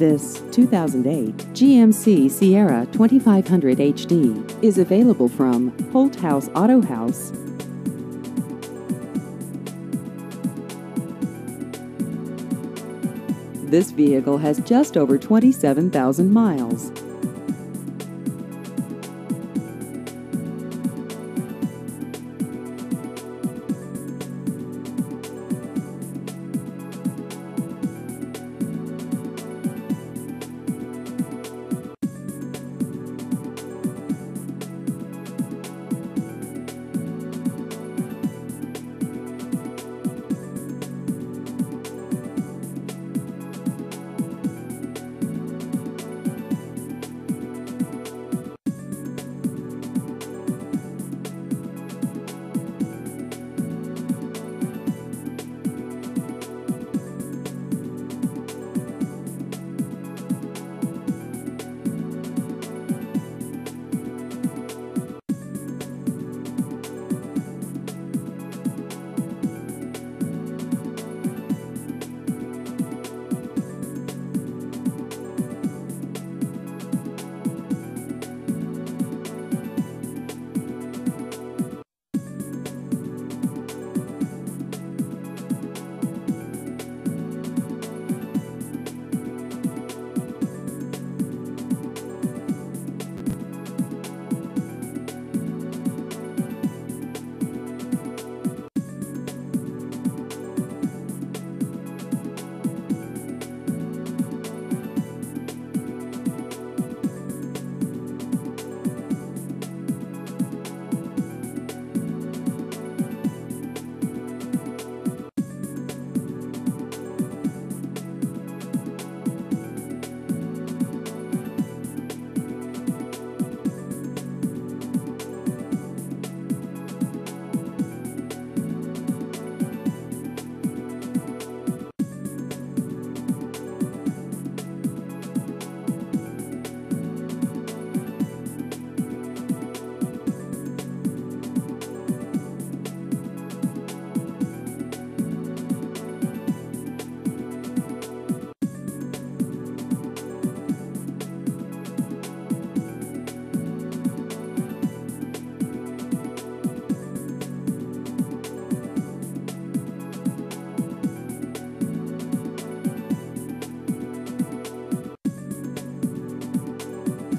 This 2008 GMC Sierra 2500 HD is available from Holt House Auto House. This vehicle has just over 27,000 miles.